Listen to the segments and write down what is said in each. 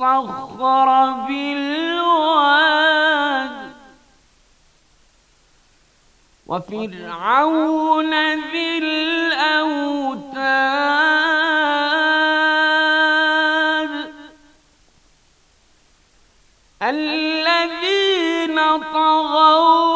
والصخر بالواد وفرعون ذي الأوتاد الذين طغوا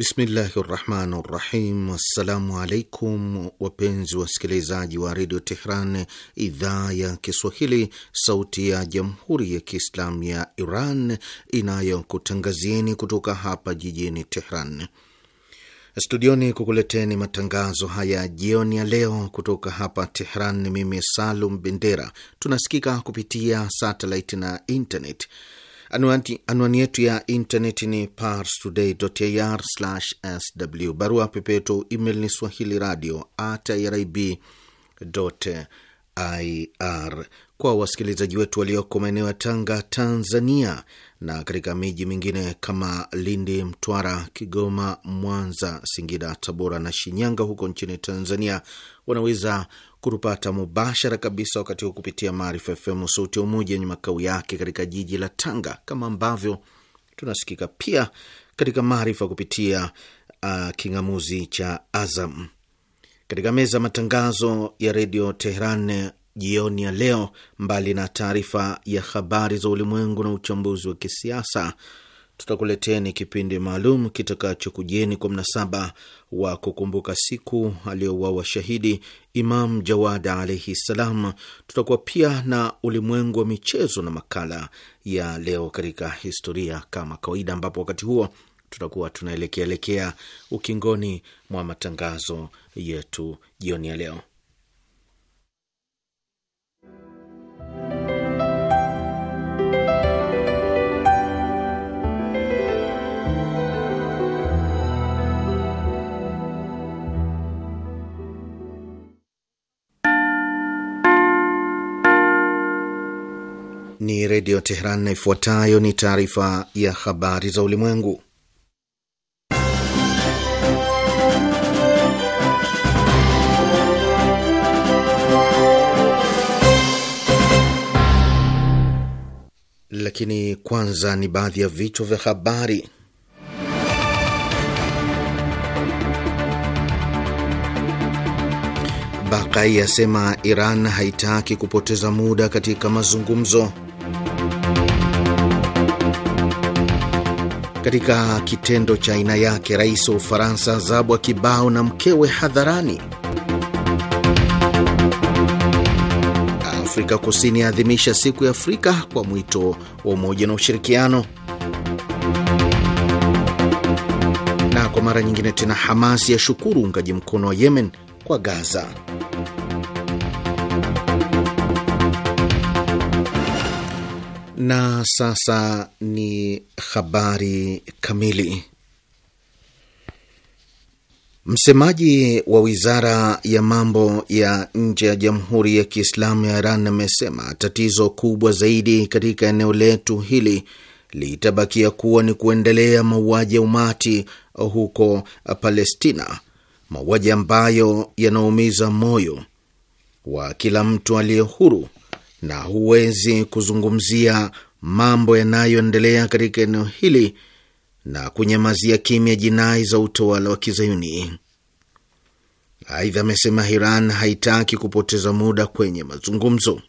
Bismillahi rahmani rahim. Assalamu alaikum wapenzi wasikilizaji wa redio Tehran, idhaa ya Kiswahili, sauti ya jamhuri ya kiislamu ya Iran inayokutangazieni kutoka hapa jijini Tehran studioni kukuleteni matangazo haya jioni ya leo kutoka hapa Tehran. Mimi Salum Bendera. Tunasikika kupitia satelit na internet. Anwani yetu ya intaneti ni parstoday.ir/sw. Barua pepeto email ni swahili radio at irib.ir. Kwa wasikilizaji wetu walioko maeneo ya Tanga, Tanzania, na katika miji mingine kama Lindi, Mtwara, Kigoma, Mwanza, Singida, Tabora na Shinyanga huko nchini Tanzania, wanaweza kutupata mubashara kabisa wakati huu kupitia Maarifa FM sauti ya Umoja yenye makao yake katika jiji la Tanga, kama ambavyo tunasikika pia katika Maarifa kupitia uh, king'amuzi cha Azam. Katika meza ya matangazo ya redio Teheran jioni ya leo, mbali na taarifa ya habari za ulimwengu na uchambuzi wa kisiasa tutakuleteni kipindi maalum kitakachokujeni kwa mnasaba wa kukumbuka siku aliyouawa shahidi Imam Jawad alaihi ssalam. Tutakuwa pia na ulimwengu wa michezo na makala ya leo katika historia kama kawaida, ambapo wakati huo tutakuwa tunaelekeaelekea ukingoni mwa matangazo yetu jioni ya leo. ni Redio Teheran na ifuatayo ni taarifa ya habari za ulimwengu. Lakini kwanza ni baadhi ya vichwa vya habari. Bakai asema Iran haitaki kupoteza muda katika mazungumzo. Katika kitendo cha aina yake, rais wa Ufaransa zabwa kibao na mkewe hadharani. Afrika Kusini yaadhimisha siku ya Afrika kwa mwito wa umoja na ushirikiano. Na kwa mara nyingine tena, Hamas yashukuru uungaji mkono wa Yemen kwa Gaza. Na sasa ni habari kamili. Msemaji wa wizara ya mambo ya nje ya Jamhuri ya Kiislamu ya Iran amesema tatizo kubwa zaidi katika eneo letu hili litabakia kuwa ni kuendelea mauaji ya umati huko Palestina, mauaji ambayo yanaumiza moyo wa kila mtu aliye huru na huwezi kuzungumzia mambo yanayoendelea katika eneo hili na kunyamazia kimya jinai za utawala wa Kizayuni. Aidha, amesema Iran haitaki kupoteza muda kwenye mazungumzo.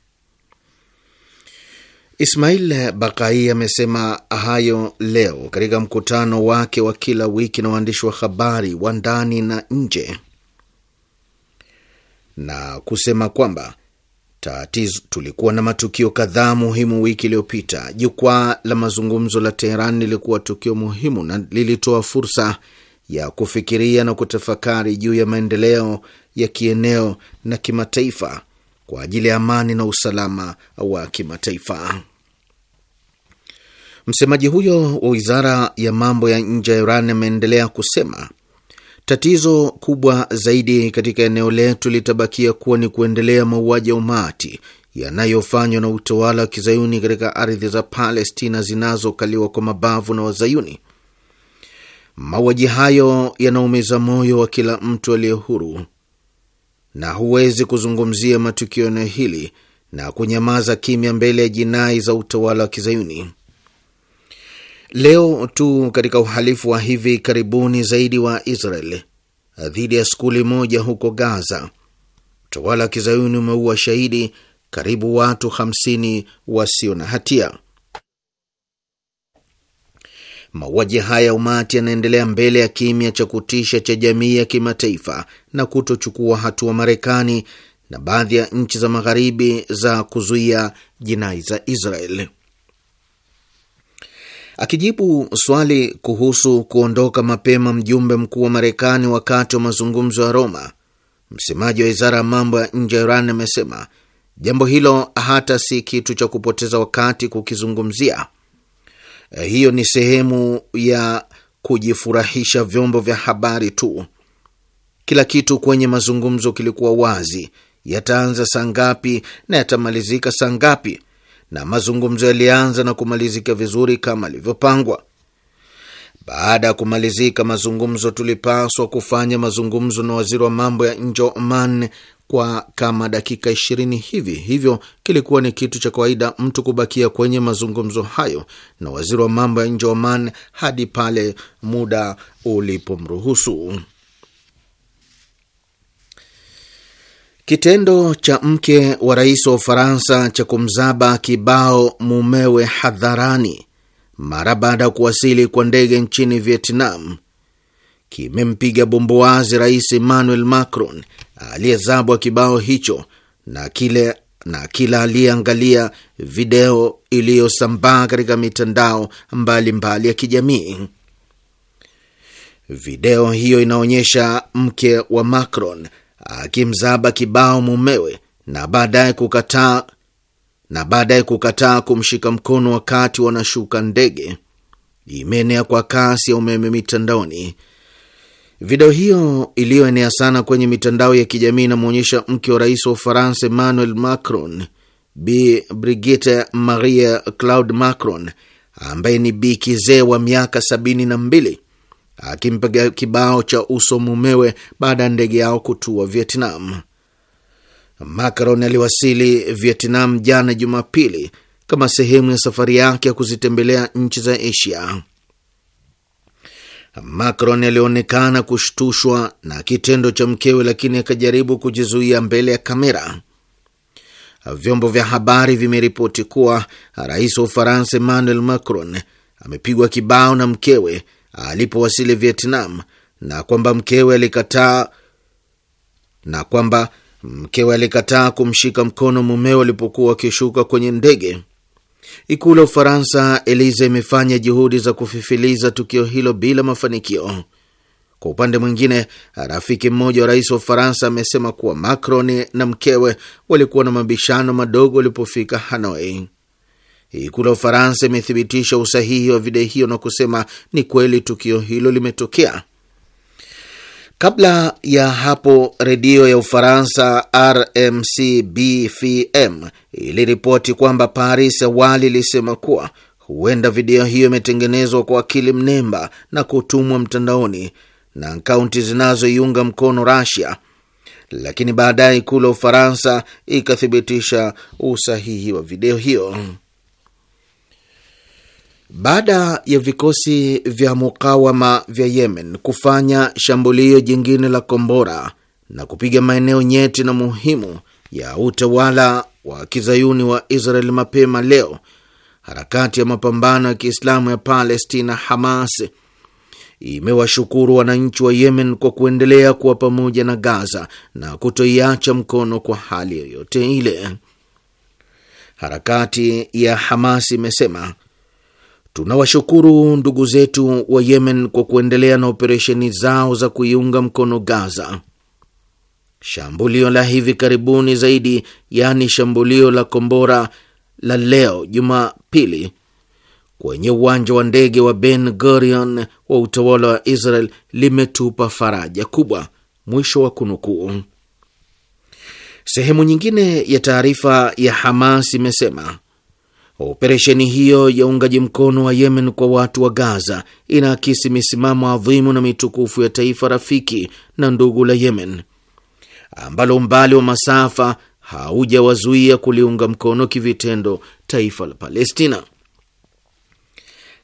Ismail Bakai amesema hayo leo katika mkutano wake wa kila wiki na waandishi wa habari wa ndani na nje, na kusema kwamba Tatizo, tulikuwa na matukio kadhaa muhimu wiki iliyopita. Jukwaa la mazungumzo la Teheran lilikuwa tukio muhimu na lilitoa fursa ya kufikiria na kutafakari juu ya maendeleo ya kieneo na kimataifa kwa ajili ya amani na usalama wa kimataifa. Msemaji huyo wa wizara ya mambo ya nje ya Iran ameendelea kusema Tatizo kubwa zaidi katika eneo letu litabakia kuwa ni kuendelea mauaji ya umati yanayofanywa na utawala wa kizayuni katika ardhi za Palestina zinazokaliwa kwa mabavu na Wazayuni. Mauaji hayo yanaumiza moyo wa kila mtu aliye huru, na huwezi kuzungumzia matukio eneo hili na kunyamaza kimya mbele ya jinai za utawala wa kizayuni. Leo tu katika uhalifu wa hivi karibuni zaidi wa Israel dhidi ya skuli moja huko Gaza, utawala wa kizayuni umeua shahidi karibu watu 50 wasio na hatia. Mauaji haya ya umati yanaendelea mbele ya kimya cha kutisha cha jamii ya kimataifa na kutochukua hatua Marekani na baadhi ya nchi za magharibi za kuzuia jinai za Israel. Akijibu swali kuhusu kuondoka mapema mjumbe mkuu wa Marekani wakati wa mazungumzo ya Roma, msemaji wa wizara ya mambo ya nje ya Iran amesema jambo hilo hata si kitu cha kupoteza wakati kukizungumzia. Eh, hiyo ni sehemu ya kujifurahisha vyombo vya habari tu. Kila kitu kwenye mazungumzo kilikuwa wazi, yataanza saa ngapi na yatamalizika saa ngapi na mazungumzo yalianza na kumalizika vizuri kama alivyopangwa Baada ya kumalizika mazungumzo, tulipaswa kufanya mazungumzo na waziri wa mambo ya nje wa Oman kwa kama dakika ishirini hivi. Hivyo kilikuwa ni kitu cha kawaida mtu kubakia kwenye mazungumzo hayo na waziri wa mambo ya nje wa Oman hadi pale muda ulipomruhusu. Kitendo cha mke wa rais wa Ufaransa cha kumzaba kibao mumewe hadharani mara baada ya kuwasili kwa ndege nchini Vietnam kimempiga bumbuazi Rais Emmanuel Macron aliyezabwa kibao hicho na kile na kila aliyeangalia video iliyosambaa katika mitandao mbalimbali mbali ya kijamii. Video hiyo inaonyesha mke wa Macron akimzaba kibao mumewe na baadaye kukataa na baadaye kukataa kumshika mkono wakati wanashuka ndege, imeenea kwa kasi ya umeme mitandaoni. Video hiyo iliyoenea sana kwenye mitandao ya kijamii inamwonyesha mke wa rais wa Ufaransa Emmanuel Macron, Bi Brigitte maria Claude Macron ambaye ni bi kizee wa miaka sabini na mbili akimpiga kibao cha uso mumewe baada ya ndege yao kutua Vietnam. Macron aliwasili Vietnam jana Jumapili kama sehemu ya safari yake ya kuzitembelea nchi za Asia. Macron alionekana kushtushwa na kitendo cha mkewe, lakini akajaribu kujizuia mbele ya kamera. Vyombo vya habari vimeripoti kuwa rais wa Ufaransa Emmanuel Macron amepigwa kibao na mkewe alipowasili Vietnam na kwamba mkewe alikataa na kwamba mkewe alikataa kumshika mkono mumeo alipokuwa wakishuka kwenye ndege. Ikulu ya Ufaransa Elize imefanya juhudi za kufifiliza tukio hilo bila mafanikio. Kwa upande mwingine, rafiki mmoja wa rais wa Ufaransa amesema kuwa Macron na mkewe walikuwa na mabishano madogo walipofika Hanoi. Ikulu ya Ufaransa imethibitisha usahihi wa video hiyo na kusema ni kweli tukio hilo limetokea. Kabla ya hapo redio ya Ufaransa RMC BFM iliripoti kwamba Paris awali ilisema kuwa huenda video hiyo imetengenezwa kwa akili mnemba na kutumwa mtandaoni na akaunti zinazoiunga mkono Rasia, lakini baadaye ikulu ya Ufaransa ikathibitisha usahihi wa video hiyo. Baada ya vikosi vya mukawama vya Yemen kufanya shambulio jingine la kombora na kupiga maeneo nyeti na muhimu ya utawala wa kizayuni wa Israel mapema leo, harakati ya mapambano ya Kiislamu ya Palestina, Hamas, imewashukuru wananchi wa Yemen kwa kuendelea kuwa pamoja na Gaza na kutoiacha mkono kwa hali yoyote ile. Harakati ya Hamas imesema Tunawashukuru ndugu zetu wa Yemen kwa kuendelea na operesheni zao za kuiunga mkono Gaza. Shambulio la hivi karibuni zaidi, yaani shambulio la kombora la leo Jumapili kwenye uwanja wa ndege wa Ben Gurion wa utawala wa Israel limetupa faraja kubwa. Mwisho wa kunukuu. Sehemu nyingine ya taarifa ya Hamas imesema Operesheni hiyo ya uungaji mkono wa Yemen kwa watu wa Gaza inaakisi misimamo adhimu na mitukufu ya taifa rafiki na ndugu la Yemen, ambalo umbali wa masafa haujawazuia kuliunga mkono kivitendo taifa la Palestina.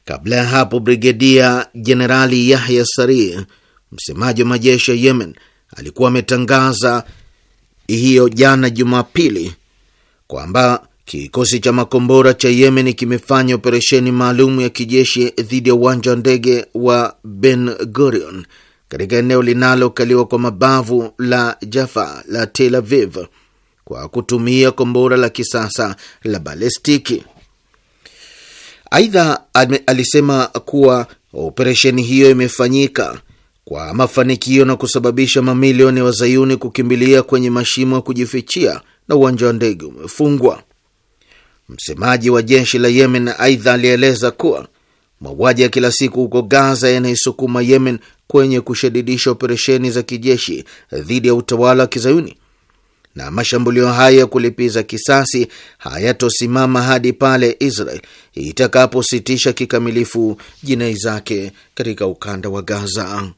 Kabla ya hapo, Brigedia Jenerali Yahya Sari, msemaji wa majeshi ya Yemen, alikuwa ametangaza hiyo jana Jumapili kwamba Kikosi cha makombora cha Yemen kimefanya operesheni maalum ya kijeshi dhidi ya uwanja wa ndege wa Ben Gurion katika eneo linalokaliwa kwa mabavu la Jaffa la Tel Aviv kwa kutumia kombora la kisasa la balestiki. Aidha, alisema kuwa operesheni hiyo imefanyika kwa mafanikio na kusababisha mamilioni ya wazayuni kukimbilia kwenye mashimo ya kujifichia na uwanja wa ndege umefungwa. Msemaji wa jeshi la Yemen aidha alieleza kuwa mauaji ya kila siku huko Gaza yanaisukuma Yemen kwenye kushadidisha operesheni za kijeshi dhidi ya utawala wa kizayuni na mashambulio hayo ya kulipiza kisasi hayatosimama hadi pale Israel itakapositisha kikamilifu jinai zake katika ukanda wa Gaza.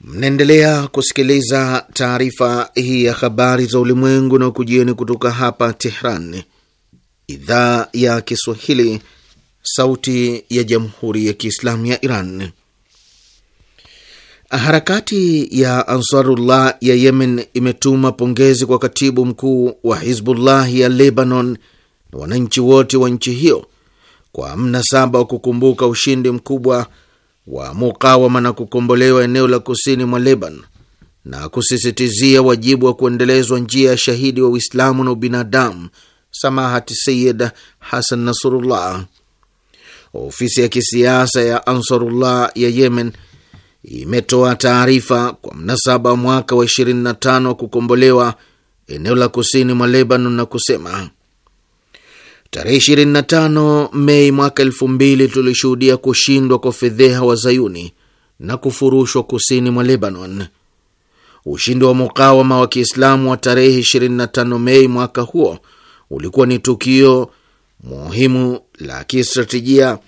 Mnaendelea kusikiliza taarifa hii ya habari za ulimwengu na kujieni kutoka hapa Tehran, idhaa ya Kiswahili, sauti ya jamhuri ya kiislamu ya Iran. Harakati ya Ansarullah ya Yemen imetuma pongezi kwa katibu mkuu wa Hizbullah ya Lebanon na wananchi wote wa nchi hiyo kwa mnasaba wa kukumbuka ushindi mkubwa wa mukawama na kukombolewa eneo la kusini mwa Lebanon na kusisitizia wajibu wa kuendelezwa njia ya shahidi wa Uislamu na ubinadamu Samahati Sayid Hasan Nasrullah. Ofisi ya kisiasa ya Ansarullah ya Yemen imetoa taarifa kwa mnasaba wa mwaka wa 25 wa kukombolewa eneo la kusini mwa Lebanon na kusema Tarehe 25 Mei mwaka 2000 tulishuhudia kushindwa kwa fedheha wazayuni na kufurushwa kusini mwa Lebanon. Ushindi wa mukawama wa Kiislamu wa tarehe 25 Mei mwaka huo ulikuwa ni tukio muhimu la kistratejia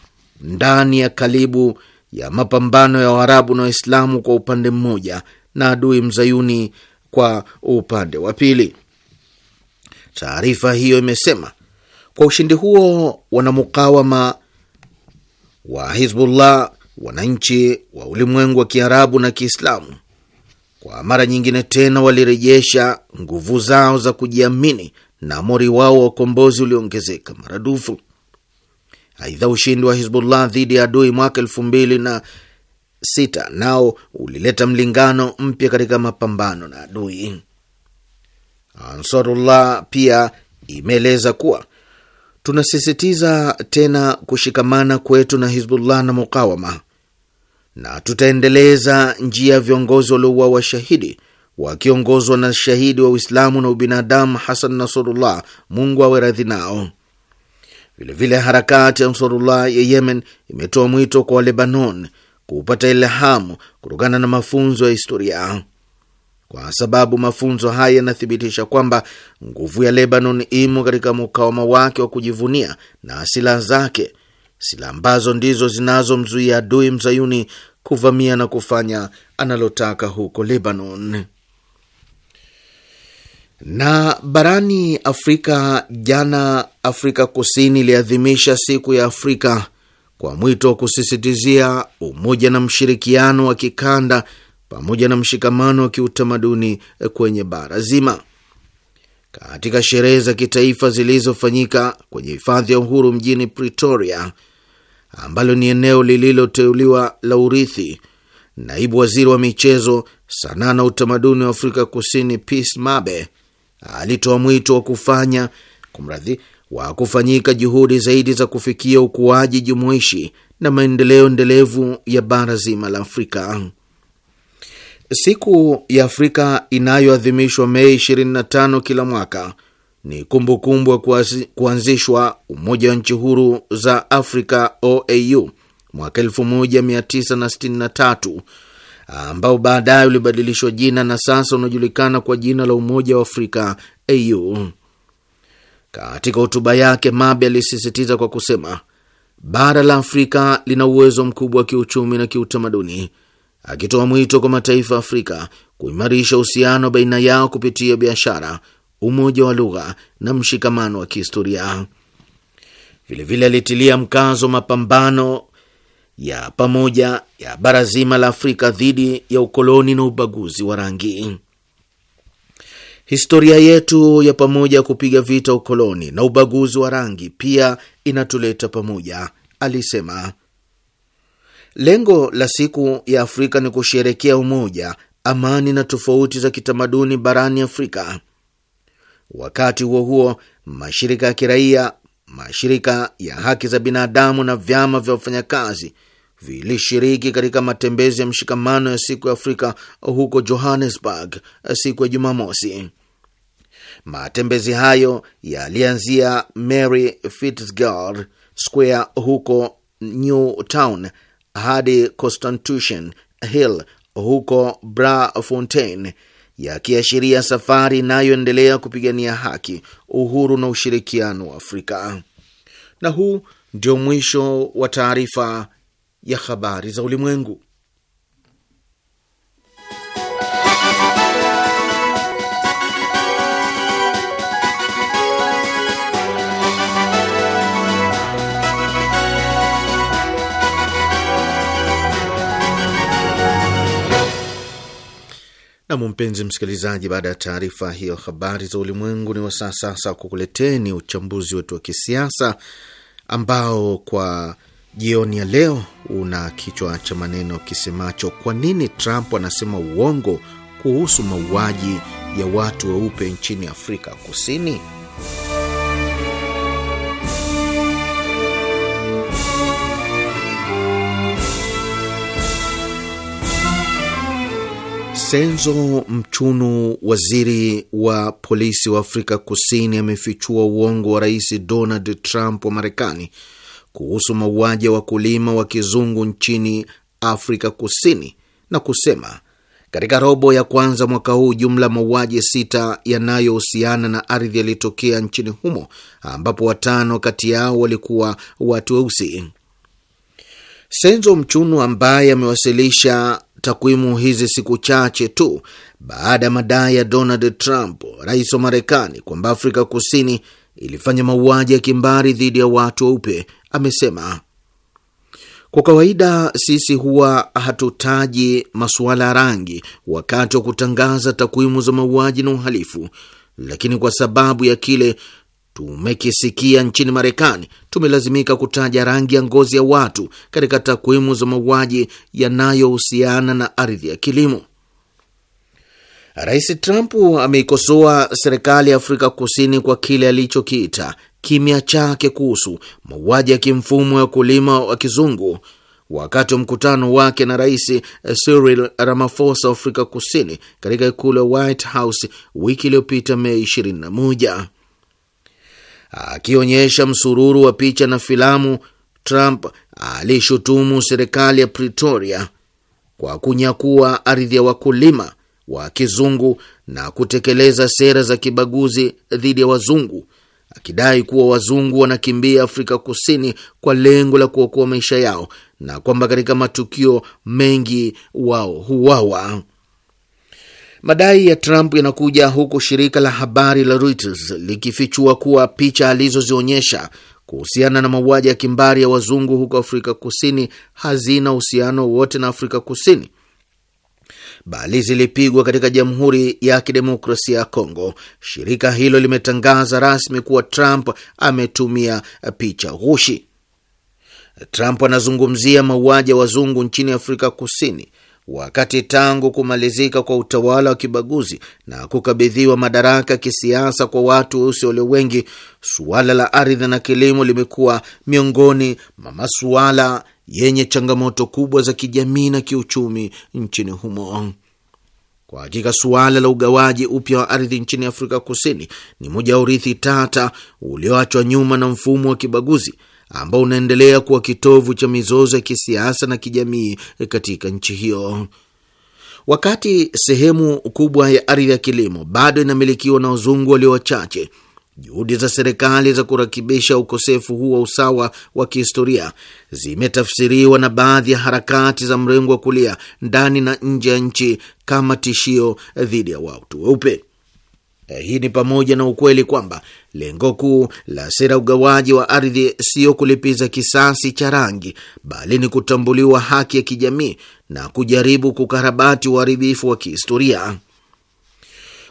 ndani ya kalibu ya mapambano ya Waarabu na Waislamu kwa upande mmoja na adui mzayuni kwa upande wa pili. Taarifa hiyo imesema kwa ushindi huo, wanamukawama wa Hizbullah, wananchi wa ulimwengu wa Kiarabu na Kiislamu, kwa mara nyingine tena walirejesha nguvu zao za kujiamini na mori wao wa ukombozi ulioongezeka maradufu. Aidha, ushindi wa Hizbullah dhidi ya adui mwaka elfu mbili na sita nao ulileta mlingano mpya katika mapambano na adui. Ansarullah pia imeeleza kuwa tunasisitiza tena kushikamana kwetu na Hizbullah na Mukawama, na tutaendeleza njia ya viongozi waliouawa washahidi wakiongozwa na shahidi wa Uislamu na ubinadamu Hasan Nasrullah, Mungu awe radhi nao. Vilevile, harakati ya Ansarullah ya Yemen imetoa mwito kwa Lebanon kupata ilhamu kutokana na mafunzo ya historia kwa sababu mafunzo haya yanathibitisha kwamba nguvu ya Lebanon imo katika mukawama wake wa kujivunia na silaha zake, silaha ambazo ndizo zinazomzuia adui mzayuni kuvamia na kufanya analotaka huko Lebanon. Na barani Afrika, jana Afrika Kusini iliadhimisha siku ya Afrika kwa mwito wa kusisitizia umoja na mshirikiano wa kikanda pamoja na mshikamano wa kiutamaduni kwenye bara zima. Katika sherehe za kitaifa zilizofanyika kwenye hifadhi ya Uhuru mjini Pretoria, ambalo ni eneo lililoteuliwa la urithi, naibu waziri wa michezo, sanaa na utamaduni wa Afrika Kusini Peace Mabe alitoa mwito wa kufanya kumradhi, wa kufanyika juhudi zaidi za kufikia ukuaji jumuishi na maendeleo endelevu ya bara zima la Afrika. Siku ya Afrika inayoadhimishwa Mei 25 kila mwaka ni kumbukumbu ya kuanzishwa Umoja wa Nchi Huru za Afrika, OAU, mwaka 1963 ambao baadaye ulibadilishwa jina na sasa unajulikana kwa jina la Umoja wa Afrika, AU. Katika hotuba yake, Mabe alisisitiza kwa kusema, bara la Afrika lina uwezo mkubwa wa kiuchumi na kiutamaduni akitoa mwito kwa mataifa ya Afrika kuimarisha uhusiano baina yao kupitia biashara, umoja wa lugha na mshikamano wa kihistoria. Vilevile alitilia mkazo mapambano ya pamoja ya bara zima la Afrika dhidi ya ukoloni na ubaguzi wa rangi. Historia yetu ya pamoja ya kupiga vita ukoloni na ubaguzi wa rangi pia inatuleta pamoja, alisema. Lengo la siku ya Afrika ni kusherekea umoja, amani na tofauti za kitamaduni barani Afrika. Wakati huo huo, mashirika ya kiraia, mashirika ya haki za binadamu na vyama vya wafanyakazi vilishiriki katika matembezi ya mshikamano ya siku ya Afrika huko Johannesburg siku ya Jumamosi. Matembezi hayo yalianzia Mary Fitzgerald Square huko Newtown hadi Constitution Hill huko Braamfontein, yakiashiria safari inayoendelea kupigania haki, uhuru na ushirikiano wa Afrika. Na huu ndio mwisho wa taarifa ya habari za ulimwengu. Nam, mpenzi msikilizaji, baada ya taarifa hiyo habari za ulimwengu, ni wasaa sasa kukuleteni uchambuzi wetu wa kisiasa ambao kwa jioni ya leo una kichwa cha maneno kisemacho kwa nini Trump anasema uongo kuhusu mauaji ya watu weupe nchini Afrika Kusini. Senzo Mchunu, waziri wa polisi wa Afrika Kusini, amefichua uongo wa Rais Donald Trump wa Marekani kuhusu mauaji ya wakulima wa kizungu nchini Afrika Kusini na kusema katika robo ya kwanza mwaka huu jumla mauaji sita yanayohusiana na ardhi yalitokea nchini humo, ambapo watano kati yao walikuwa watu weusi. Senzo Mchunu ambaye amewasilisha takwimu hizi siku chache tu baada ya madai ya Donald Trump, rais wa Marekani, kwamba Afrika Kusini ilifanya mauaji ya kimbari dhidi ya watu weupe. Amesema kwa kawaida sisi huwa hatutaji masuala ya rangi wakati wa kutangaza takwimu za mauaji na uhalifu, lakini kwa sababu ya kile tumekisikia nchini Marekani, tumelazimika kutaja rangi ya ngozi ya watu katika takwimu za mauaji yanayohusiana na ardhi ya kilimo. Rais Trump ameikosoa serikali ya Afrika Kusini kwa kile alichokiita kimya chake kuhusu mauaji ya kimfumo ya wakulima wa kizungu wakati wa mkutano wake na Rais Cyril Ramaphosa wa Afrika Kusini katika ikulu ya White House wiki iliyopita Mei 21. Akionyesha msururu wa picha na filamu, Trump alishutumu serikali ya Pretoria kwa kunyakua ardhi ya wakulima wa kizungu na kutekeleza sera za kibaguzi dhidi ya wazungu, akidai kuwa wazungu wanakimbia Afrika Kusini kwa lengo la kuokoa maisha yao na kwamba katika matukio mengi wao huwawa. Madai ya Trump yanakuja huku shirika la habari la Reuters likifichua kuwa picha alizozionyesha kuhusiana na mauaji ya kimbari ya wazungu huko Afrika Kusini hazina uhusiano wote na Afrika Kusini, bali zilipigwa katika Jamhuri ya Kidemokrasia ya Kongo. Shirika hilo limetangaza rasmi kuwa Trump ametumia picha ghushi. Trump anazungumzia mauaji ya wazungu nchini Afrika Kusini wakati tangu kumalizika kwa utawala wa kibaguzi na kukabidhiwa madaraka ya kisiasa kwa watu weusi walio wengi, suala la ardhi na kilimo limekuwa miongoni mwa masuala yenye changamoto kubwa za kijamii na kiuchumi nchini humo. Kwa hakika suala la ugawaji upya wa ardhi nchini Afrika Kusini ni moja ya urithi tata ulioachwa nyuma na mfumo wa kibaguzi ambao unaendelea kuwa kitovu cha mizozo ya kisiasa na kijamii katika nchi hiyo. Wakati sehemu kubwa ya ardhi ya kilimo bado inamilikiwa na wazungu walio wachache, juhudi za serikali za kurekebisha ukosefu huu wa usawa wa kihistoria zimetafsiriwa na baadhi ya harakati za mrengo wa kulia ndani na nje ya nchi kama tishio dhidi ya watu weupe. Hii ni pamoja na ukweli kwamba lengo kuu la sera ugawaji wa ardhi sio kulipiza kisasi cha rangi, bali ni kutambuliwa haki ya kijamii na kujaribu kukarabati uharibifu wa kihistoria.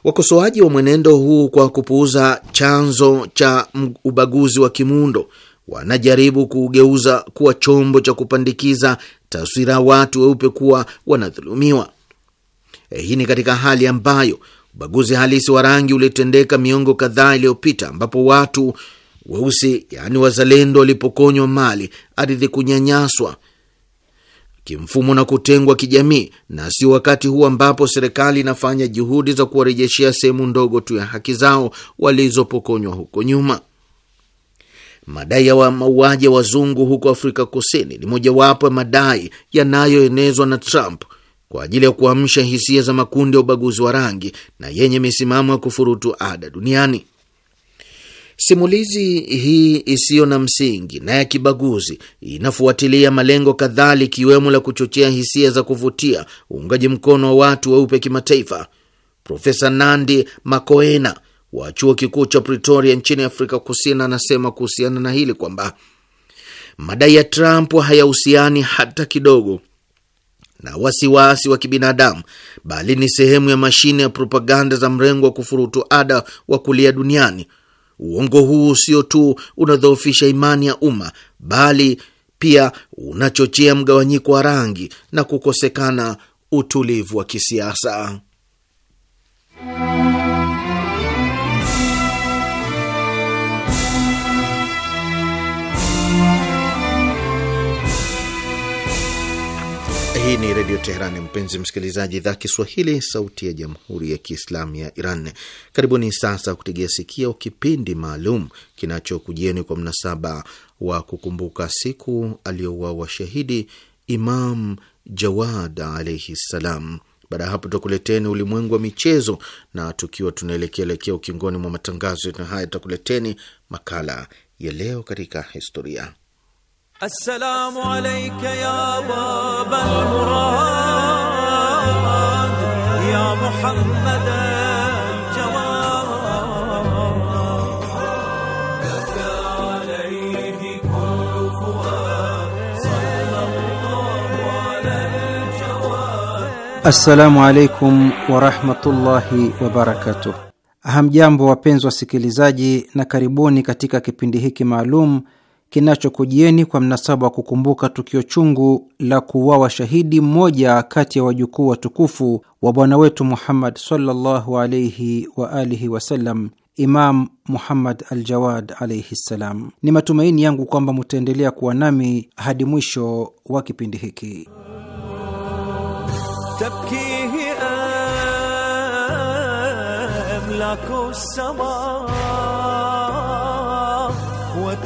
Wakosoaji wa mwenendo huu kwa kupuuza chanzo cha ubaguzi wa kimuundo wanajaribu kuugeuza kuwa chombo cha kupandikiza taswira ya watu weupe kuwa wanadhulumiwa. Hii ni katika hali ambayo Ubaguzi halisi wa rangi ulitendeka miongo kadhaa iliyopita, ambapo watu weusi, yaani wazalendo, walipokonywa mali, ardhi, kunyanyaswa kimfumo na kutengwa kijamii, na sio wakati huu ambapo serikali inafanya juhudi za kuwarejeshea sehemu ndogo tu ya haki zao walizopokonywa huko nyuma. Madai ya mauaji ya wazungu huko Afrika Kusini ni mojawapo ya madai yanayoenezwa na Trump kwa ajili ya kuamsha hisia za makundi ya ubaguzi wa rangi na yenye misimamo ya kufurutu ada duniani. Simulizi hii isiyo na msingi na ya kibaguzi inafuatilia malengo kadhali, ikiwemo la kuchochea hisia za kuvutia uungaji mkono wa watu weupe kimataifa. Profesa Nandi Makoena wa chuo kikuu cha Pretoria nchini Afrika Kusini anasema kuhusiana na hili kwamba madai ya Trump hayahusiani hata kidogo na wasiwasi wa kibinadamu, bali ni sehemu ya mashine ya propaganda za mrengo wa kufurutu ada wa kulia duniani. Uongo huu sio tu unadhoofisha imani ya umma, bali pia unachochea mgawanyiko wa rangi na kukosekana utulivu wa kisiasa. Hii ni Redio teheran mpenzi msikilizaji, idhaa Kiswahili, sauti ya jamhuri ya kiislamu ya Iran. Karibuni sasa kutegea sikio kipindi maalum kinachokujieni kwa mnasaba wa kukumbuka siku aliyouawa shahidi Imam Jawad alaihi ssalam. Baada ya hapo, tutakuleteni ulimwengu wa michezo, na tukiwa tunaelekeaelekea ukingoni mwa matangazo yetu haya, tutakuleteni makala ya leo katika historia السلام عليك يا باب المراد يا محمد Assalamu alaikum warahmatullahi wabarakatuh. Hamjambo wapenzi wasikilizaji, na karibuni katika kipindi hiki maalum kinachokujieni kwa mnasaba wa kukumbuka tukio chungu la kuuawa shahidi mmoja kati ya wajukuu watukufu wa bwana wetu Muhammad sallallahu alaihi wa alihi wasallam, Imam Muhammad Aljawad alaihi ssalam. Ni matumaini yangu kwamba mutaendelea kuwa nami hadi mwisho wa kipindi hiki.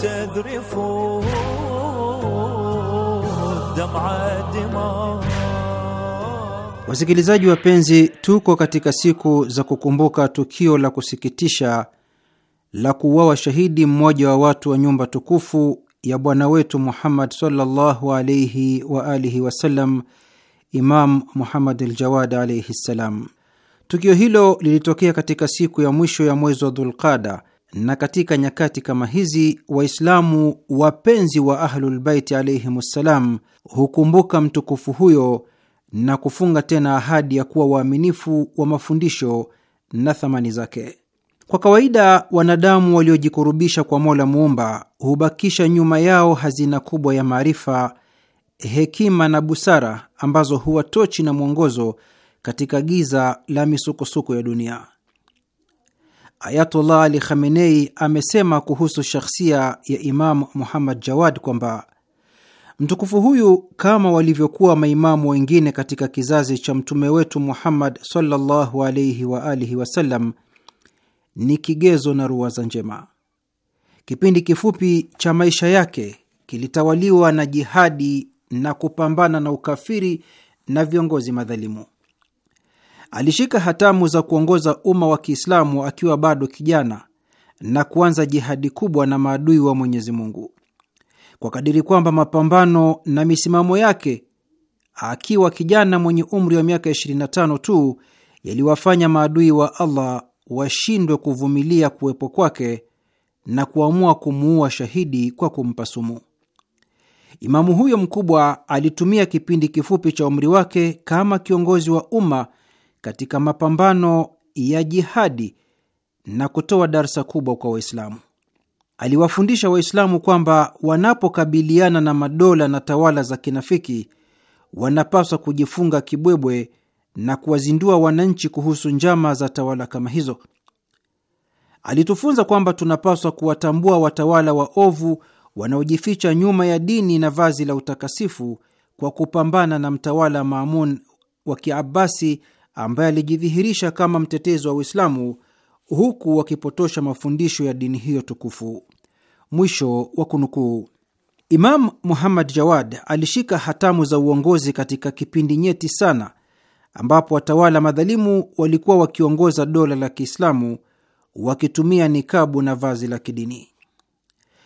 تذرفون دمعة دمار. Wasikilizaji wapenzi, tuko katika siku za kukumbuka tukio la kusikitisha la kuuawa shahidi mmoja wa watu wa nyumba tukufu ya bwana wetu Muhammad sallallahu alaihi wa alihi wasallam, Imam Muhammad Aljawad alaihi ssalam. Tukio hilo lilitokea katika siku ya mwisho ya mwezi wa Dhulqada na katika nyakati kama hizi Waislamu wapenzi wa Ahlulbaiti ssalam hukumbuka mtukufu huyo na kufunga tena ahadi ya kuwa waaminifu wa mafundisho na thamani zake. Kwa kawaida, wanadamu waliojikurubisha kwa Mola Muumba hubakisha nyuma yao hazina kubwa ya maarifa, hekima na busara ambazo huwa tochi na mwongozo katika giza la misukosuko ya dunia. Ayatullah Ali Khamenei amesema kuhusu shakhsia ya Imamu Muhammad Jawad kwamba mtukufu huyu kama walivyokuwa maimamu wengine katika kizazi cha mtume wetu Muhammad sallallahu alaihi wa alihi wasallam ni kigezo na ruwaza njema. Kipindi kifupi cha maisha yake kilitawaliwa na jihadi na kupambana na ukafiri na viongozi madhalimu. Alishika hatamu za kuongoza umma wa Kiislamu akiwa bado kijana na kuanza jihadi kubwa na maadui wa Mwenyezi Mungu, kwa kadiri kwamba mapambano na misimamo yake akiwa kijana mwenye umri wa miaka 25 tu yaliwafanya maadui wa Allah washindwe kuvumilia kuwepo kwake na kuamua kumuua shahidi kwa kumpa sumu. Imamu huyo mkubwa alitumia kipindi kifupi cha umri wake kama kiongozi wa umma katika mapambano ya jihadi na kutoa darsa kubwa kwa Waislamu. Aliwafundisha Waislamu kwamba wanapokabiliana na madola na tawala za kinafiki wanapaswa kujifunga kibwebwe na kuwazindua wananchi kuhusu njama za tawala kama hizo. Alitufunza kwamba tunapaswa kuwatambua watawala wa ovu wanaojificha nyuma ya dini na vazi la utakasifu kwa kupambana na mtawala Maamun wa Kiabasi ambaye alijidhihirisha kama mtetezi wa Uislamu huku wakipotosha mafundisho ya dini hiyo tukufu. Mwisho wa kunukuu. Imam Muhammad Jawad alishika hatamu za uongozi katika kipindi nyeti sana ambapo watawala madhalimu walikuwa wakiongoza dola la Kiislamu wakitumia nikabu na vazi la kidini.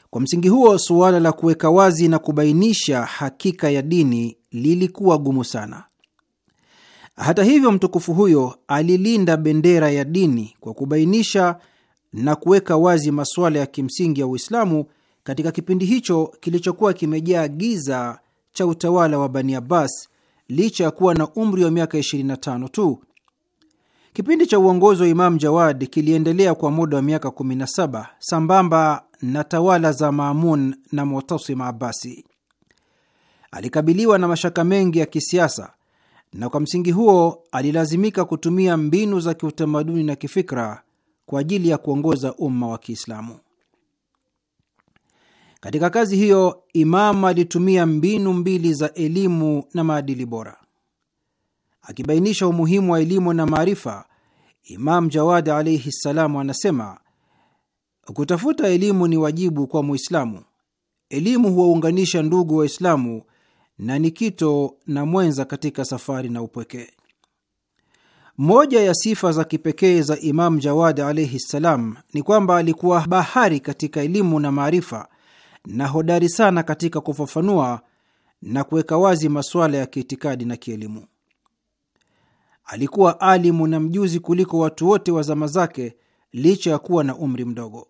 Kwa msingi huo, suala la kuweka wazi na kubainisha hakika ya dini lilikuwa gumu sana. Hata hivyo, mtukufu huyo alilinda bendera ya dini kwa kubainisha na kuweka wazi masuala ya kimsingi ya Uislamu katika kipindi hicho kilichokuwa kimejaa giza cha utawala wa Bani Abbas licha ya kuwa na umri wa miaka 25 tu. Kipindi cha uongozi wa Imam Jawad kiliendelea kwa muda wa miaka 17 sambamba na tawala za Mamun na Mutasima Abasi. Alikabiliwa na mashaka mengi ya kisiasa na kwa msingi huo alilazimika kutumia mbinu za kiutamaduni na kifikra kwa ajili ya kuongoza umma wa Kiislamu. Katika kazi hiyo, Imam alitumia mbinu mbili za elimu na maadili bora. Akibainisha umuhimu wa elimu na maarifa, Imam Jawad alaihi ssalamu anasema kutafuta elimu ni wajibu kwa Muislamu. Elimu huwaunganisha ndugu Waislamu na Nikito na mwenza katika safari na upweke. Moja ya sifa za kipekee za Imam Jawad alaihi ssalam ni kwamba alikuwa bahari katika elimu na maarifa na hodari sana katika kufafanua na kuweka wazi masuala ya kiitikadi na kielimu. Alikuwa alimu na mjuzi kuliko watu wote wa zama zake, licha ya kuwa na umri mdogo.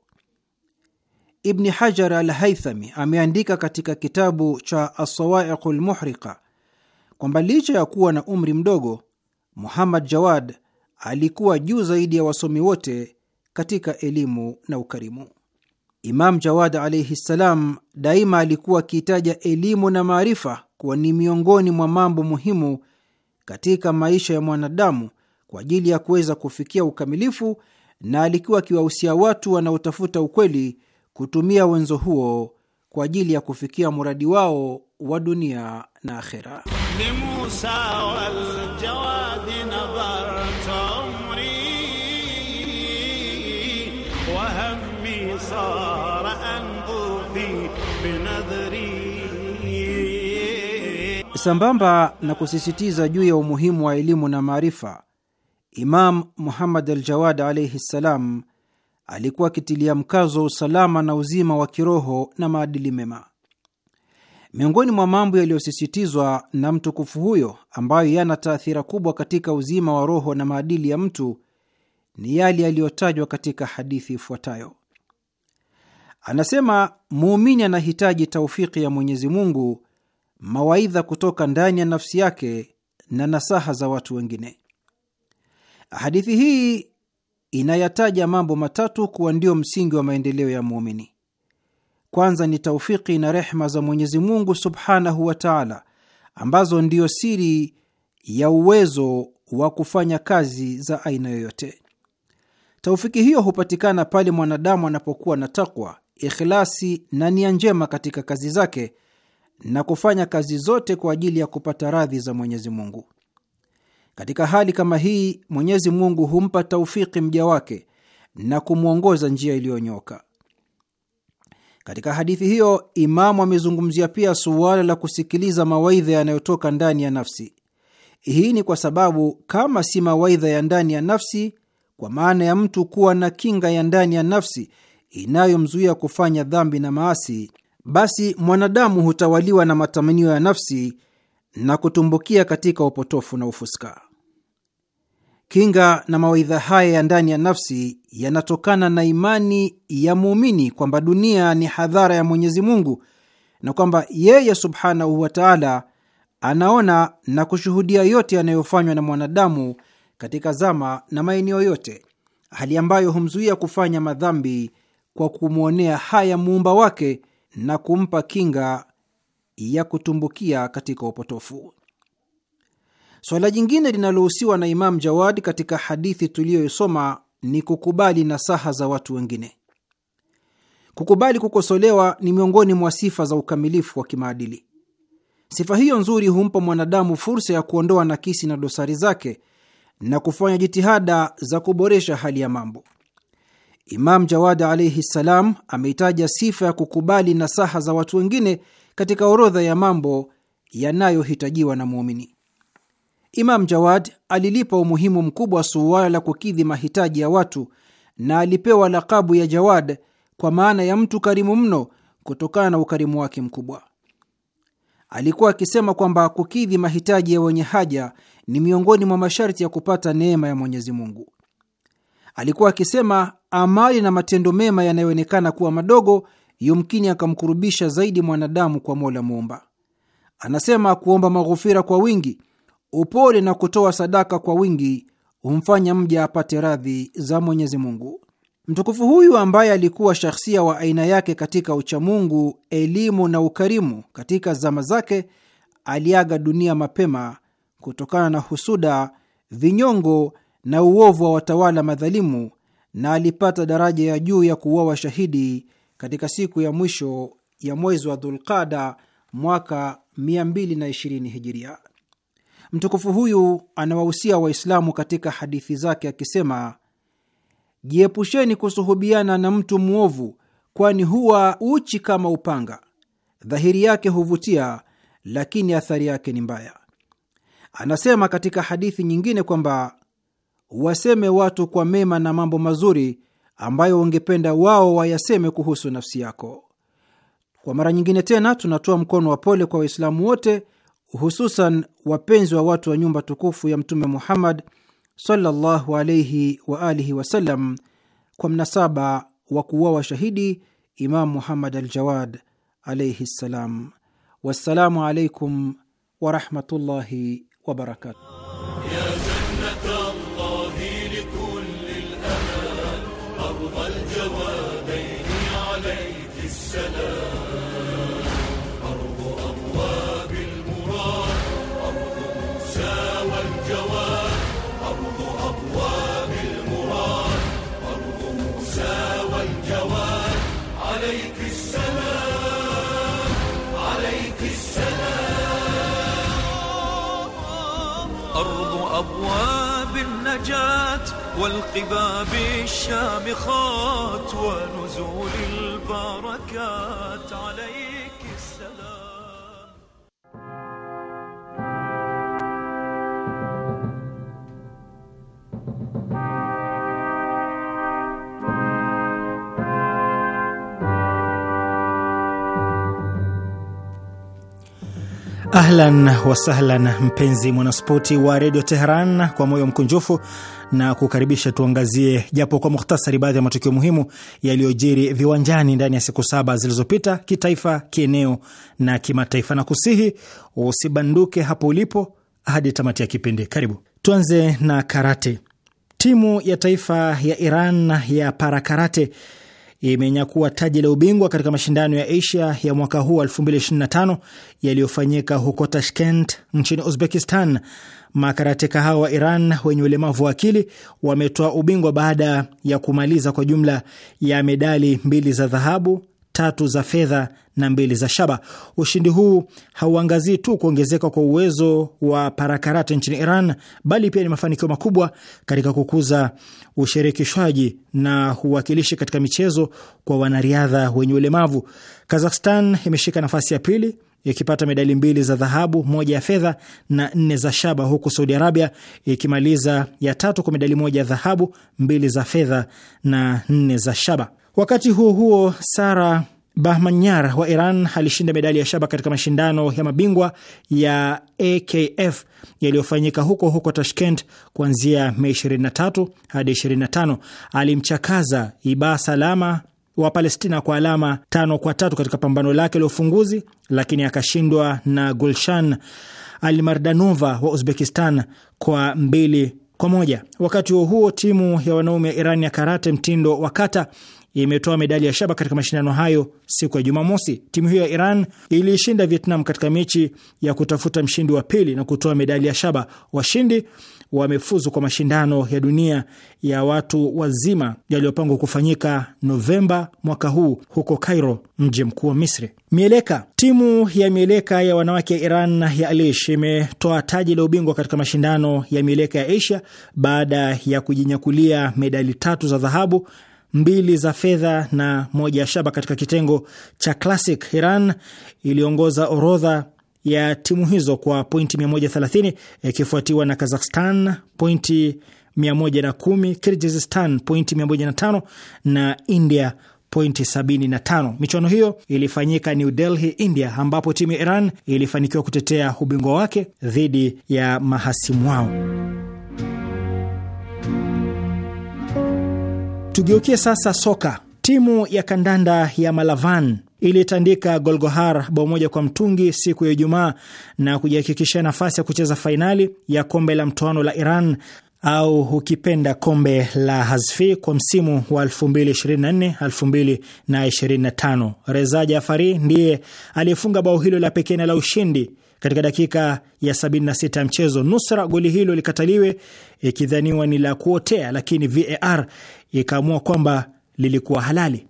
Ibni Hajar al Haithami ameandika katika kitabu cha Assawaiqu lmuhriqa kwamba licha ya kuwa na umri mdogo, Muhammad Jawad alikuwa juu zaidi ya wasomi wote katika elimu na ukarimu. Imam Jawad alaihi ssalam daima alikuwa akiitaja elimu na maarifa kuwa ni miongoni mwa mambo muhimu katika maisha ya mwanadamu kwa ajili ya kuweza kufikia ukamilifu, na alikuwa akiwahusia watu wanaotafuta ukweli kutumia wenzo huo kwa ajili ya kufikia muradi wao wa dunia na akhera. Sambamba na kusisitiza juu ya umuhimu wa elimu na maarifa, Imam Muhammad al-Jawad alayhi ssalam alikuwa akitilia mkazo wa usalama na uzima wa kiroho na maadili mema. Miongoni mwa mambo yaliyosisitizwa na mtukufu huyo ambayo yana taathira kubwa katika uzima wa roho na maadili ya mtu ni yale yaliyotajwa katika hadithi ifuatayo. Anasema muumini anahitaji taufiki ya Mwenyezi Mungu, mawaidha kutoka ndani ya nafsi yake na nasaha za watu wengine. Hadithi hii inayataja mambo matatu kuwa ndio msingi wa maendeleo ya muumini. Kwanza ni taufiki na rehma za Mwenyezi Mungu subhanahu wa taala, ambazo ndiyo siri ya uwezo wa kufanya kazi za aina yoyote. Taufiki hiyo hupatikana pale mwanadamu anapokuwa na takwa, ikhlasi na nia njema katika kazi zake na kufanya kazi zote kwa ajili ya kupata radhi za Mwenyezi Mungu. Katika hali kama hii, Mwenyezi Mungu humpa taufiki mja wake na kumwongoza njia iliyonyoka. Katika hadithi hiyo, Imamu amezungumzia pia suala la kusikiliza mawaidha yanayotoka ndani ya nafsi. Hii ni kwa sababu kama si mawaidha ya ndani ya nafsi, kwa maana ya mtu kuwa na kinga ya ndani ya nafsi inayomzuia kufanya dhambi na maasi, basi mwanadamu hutawaliwa na matamanio ya nafsi na kutumbukia katika upotofu na ufuska. Kinga na mawaidha haya ya ndani ya nafsi yanatokana na imani ya muumini kwamba dunia ni hadhara ya Mwenyezi Mungu na kwamba yeye subhanahu wa taala anaona na kushuhudia yote yanayofanywa na mwanadamu katika zama na maeneo yote, hali ambayo humzuia kufanya madhambi kwa kumwonea haya muumba wake na kumpa kinga ya kutumbukia katika upotofu. Swala jingine linalohusiwa na Imam Jawad katika hadithi tuliyoisoma ni kukubali nasaha za watu wengine. Kukubali kukosolewa ni miongoni mwa sifa za ukamilifu wa kimaadili. Sifa hiyo nzuri humpa mwanadamu fursa ya kuondoa nakisi na dosari zake na kufanya jitihada za kuboresha hali ya mambo. Imam Jawad alaihi ssalam ameitaja sifa ya kukubali nasaha za watu wengine katika orodha ya mambo yanayohitajiwa na muumini. Imam Jawad alilipa umuhimu mkubwa suala la kukidhi mahitaji ya watu na alipewa lakabu ya Jawad kwa maana ya mtu karimu mno kutokana na ukarimu wake mkubwa. Alikuwa akisema kwamba kukidhi mahitaji ya wenye haja ni miongoni mwa masharti ya kupata neema ya Mwenyezi Mungu. Alikuwa akisema amali na matendo mema yanayoonekana kuwa madogo yumkini akamkurubisha zaidi mwanadamu kwa Mola Muumba. Anasema kuomba maghufira kwa wingi upole na kutoa sadaka kwa wingi humfanya mja apate radhi za Mwenyezi Mungu. Mtukufu huyu ambaye alikuwa shahsia wa aina yake katika uchamungu, elimu na ukarimu katika zama zake, aliaga dunia mapema kutokana na husuda, vinyongo na uovu wa watawala madhalimu, na alipata daraja ya juu ya kuuawa shahidi katika siku ya mwisho ya mwezi wa Dhulqada mwaka 220 hijiria. Mtukufu huyu anawahusia Waislamu katika hadithi zake akisema, jiepusheni kusuhubiana na mtu mwovu, kwani huwa uchi kama upanga, dhahiri yake huvutia, lakini athari yake ni mbaya. Anasema katika hadithi nyingine kwamba waseme watu kwa mema na mambo mazuri ambayo wangependa wao wayaseme kuhusu nafsi yako. Kwa mara nyingine tena, tunatoa mkono wa pole kwa Waislamu wote hususan wapenzi wa watu wa nyumba tukufu ya Mtume Muhammad sallallahu alaihi wa alihi wasallam kwa mnasaba wa kuuawa shahidi Imamu Muhammad Aljawad alaihi ssalam. Wassalamu alaikum warahmatullahi wabarakatuh. والقباب الشامخات ونزول البركات عليك السلام اهلا وسهلا مpenzi mwanaspoti wa redio teheran kwa moyo mkunjufu na kukaribisha tuangazie japo kwa muhtasari baadhi ya matukio muhimu yaliyojiri viwanjani ndani ya siku saba zilizopita, kitaifa, kieneo na kimataifa, na kusihi usibanduke hapo ulipo hadi tamati ya kipindi. Karibu tuanze na karate. Timu ya taifa ya Iran ya parakarate imenyakua taji la ubingwa katika mashindano ya Asia ya mwaka huu 2025 yaliyofanyika huko Tashkent nchini Uzbekistan Makarateka hao wa Iran wenye ulemavu wa akili wametoa ubingwa baada ya kumaliza kwa jumla ya medali mbili za dhahabu, tatu za fedha na mbili za shaba. Ushindi huu hauangazii tu kuongezeka kwa uwezo wa parakarate nchini Iran, bali pia ni mafanikio makubwa katika kukuza ushirikishwaji na uwakilishi katika michezo kwa wanariadha wenye ulemavu. Kazakhstan imeshika nafasi ya pili ikipata medali mbili za dhahabu, moja ya fedha na nne za shaba, huku Saudi Arabia ikimaliza ya tatu kwa medali moja ya dhahabu, mbili za fedha na nne za shaba. Wakati huo huo, Sara Bahmanyar wa Iran alishinda medali ya shaba katika mashindano ya mabingwa ya AKF yaliyofanyika huko huko Tashkent kuanzia Mei 23 hadi 25. Alimchakaza Iba Salama wa Palestina kwa alama tano kwa tatu katika pambano lake la ufunguzi, lakini akashindwa na Gulshan Almardanova wa Uzbekistan kwa mbili kwa moja. Wakati huo huo, timu ya wanaume ya Iran ya karate mtindo wa kata imetoa medali ya shaba katika mashindano hayo siku ya Jumamosi. Timu hiyo ya Iran iliishinda Vietnam katika mechi ya kutafuta mshindi wa pili na kutoa medali ya shaba. Washindi wamefuzu kwa mashindano ya dunia ya watu wazima yaliyopangwa kufanyika Novemba mwaka huu huko Cairo, mji mkuu wa Misri. Mieleka. Timu ya mieleka ya wanawake ya Iran ya Alish imetoa taji la ubingwa katika mashindano ya mieleka ya Asia baada ya kujinyakulia medali tatu za dhahabu mbili za fedha na moja ya shaba katika kitengo cha classic. Iran iliongoza orodha ya timu hizo kwa pointi 130 eh, ikifuatiwa na Kazakhstan pointi 110, Kirgizistan pointi 105 na India pointi 75. Michuano hiyo ilifanyika New Delhi, India, ambapo timu ya Iran ilifanikiwa kutetea ubingwa wake dhidi ya mahasimu wao. Tugeukie sasa soka. Timu ya kandanda ya Malavan ilitandika Golgohar bao moja kwa mtungi siku ya Ijumaa na kujihakikishia nafasi ya kucheza fainali ya kombe la mtoano la Iran au ukipenda kombe la Hazfi kwa msimu wa 2024 2025. Reza Jafari ndiye aliyefunga bao hilo la pekee na la ushindi katika dakika ya 76 ya mchezo. Nusra goli hilo likataliwe ikidhaniwa ni la kuotea, lakini VAR ikaamua kwamba lilikuwa halali.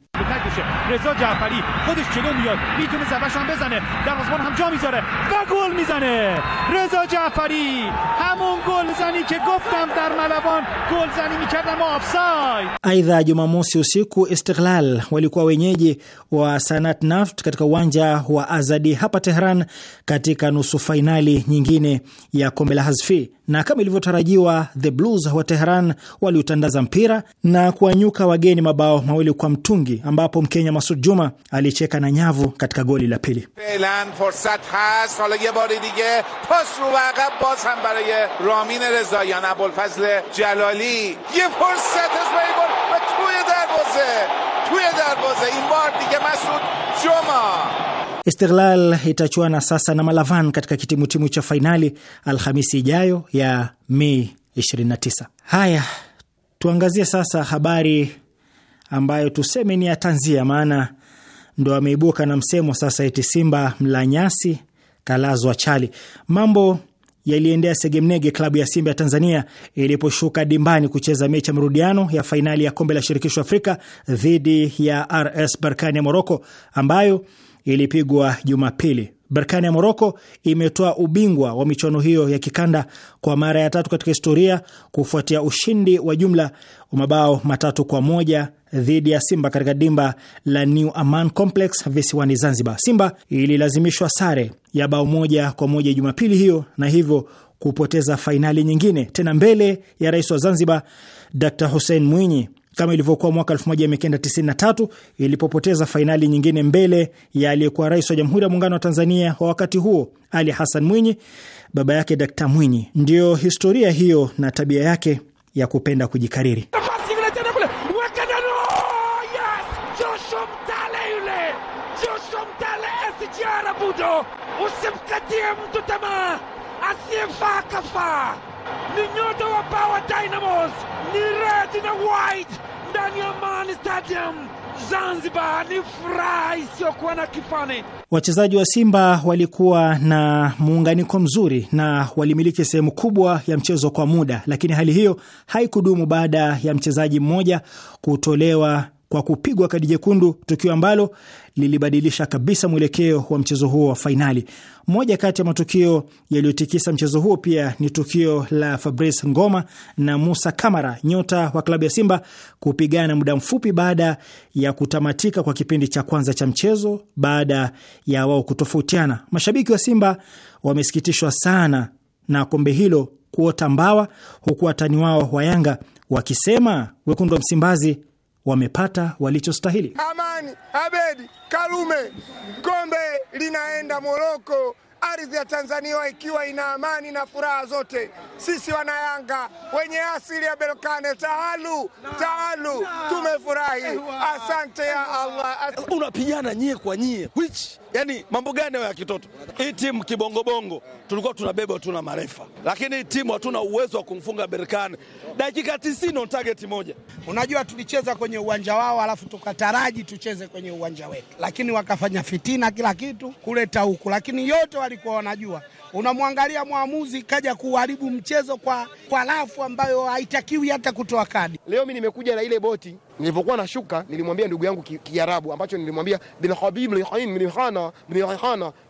رضا جعفری خودش جلو میاد میتونه زبش هم بزنه دروازه‌بان هم جا میذاره و گل میزنه رضا جعفری همون گل زنی که گفتم در ملوان گل زنی میکردم آفساید اidha Jumamosi usiku استقلال walikuwa wenyeji wa Sanat Naft katika uwanja wa Azadi hapa Tehran katika nusu fainali nyingine ya kombe la Hazfi na kama ilivyotarajiwa the Blues wa Teheran waliutandaza mpira na kuwanyuka wageni mabao mawili kwa mtungi, ambapo Mkenya Masud Juma alicheka na nyavu katika goli la pili. felan forsat hast hala ye bare dige pas ru aqab baz ham baraye Ramin Rezayan Abulfazl Jalali ye forsat az gol va toye darvoze toye darvoze in bar dige Masud Juma Istiglal itachuana sasa na Malavan katika kitimutimu cha fainali Alhamisi ijayo ya Mei 29. Haya, tuangazie sasa habari ambayo tuseme ni ya tanzia, maana ndo ameibuka na msemo sasa eti Simba mla nyasi kalazwa chali. Mambo yaliendea segemnege klabu ya Simba ya Tanzania iliposhuka dimbani kucheza mechi ya marudiano ya fainali ya kombe la shirikisho Afrika dhidi ya RS Barkani ya Moroko ambayo ilipigwa Jumapili. barkani ya Moroko imetoa ubingwa wa michuano hiyo ya kikanda kwa mara ya tatu katika historia kufuatia ushindi wa jumla wa mabao matatu kwa moja dhidi ya Simba katika dimba la New Aman Complex visiwani Zanzibar. Simba ililazimishwa sare ya bao moja kwa moja Jumapili hiyo na hivyo kupoteza fainali nyingine tena mbele ya rais wa Zanzibar Dr Hussein Mwinyi kama ilivyokuwa mwaka 1993 ilipopoteza fainali nyingine mbele ya aliyekuwa rais wa Jamhuri ya Muungano wa Tanzania wa wakati huo Ali Hassan Mwinyi, baba yake Dkt Mwinyi. Ndiyo historia hiyo na tabia yake ya kupenda kujikariri. usimkatie mtu tamaa ni ni nyota wa Power Dynamos, ni red na white ndani ya Amani Stadium Zanzibar, ni furaha isiyokuwa na kifani. Wachezaji wa Simba walikuwa na muunganiko mzuri na walimiliki sehemu kubwa ya mchezo kwa muda, lakini hali hiyo haikudumu baada ya mchezaji mmoja kutolewa kwa kupigwa kadi jekundu, tukio ambalo lilibadilisha kabisa mwelekeo wa mchezo huo wa fainali. Moja kati ya matukio yaliyotikisa mchezo huo pia ni tukio la Fabrice Ngoma na Musa Kamara, nyota wa klabu ya Simba, kupigana muda mfupi baada ya kutamatika kwa kipindi cha kwanza cha mchezo baada ya wao kutofautiana. Mashabiki wa Simba wamesikitishwa sana na kombe hilo kuota mbawa, huku watani wao wa Yanga wakisema wekundu wa Msimbazi wamepata walichostahili. Amani Abedi Karume, kombe linaenda Moroko ardhi ya Tanzania ikiwa ina amani na furaha zote. Sisi wanayanga wenye asili ya Berkane, taalu taalu, tumefurahi. Asante ya Allah. Unapigana nyie kwa nyie, which yani mambo gani hayo ya kitoto? Hii timu kibongobongo tulikuwa tunabeba tu na marefa, lakini timu hatuna uwezo wa kumfunga Berkane dakika 90 on target moja. Unajua, tulicheza kwenye uwanja wao, alafu tukataraji tucheze kwenye uwanja wetu, lakini wakafanya fitina kila kitu kuleta huku, lakini yote mbali kwa wanajua. Unamwangalia mwamuzi kaja kuharibu mchezo kwa, kwa rafu ambayo haitakiwi hata kutoa kadi. Leo mi nimekuja na ile boti nilivyokuwa nashuka nilimwambia ndugu yangu Kiarabu ki ambacho nilimwambia bin Habib bin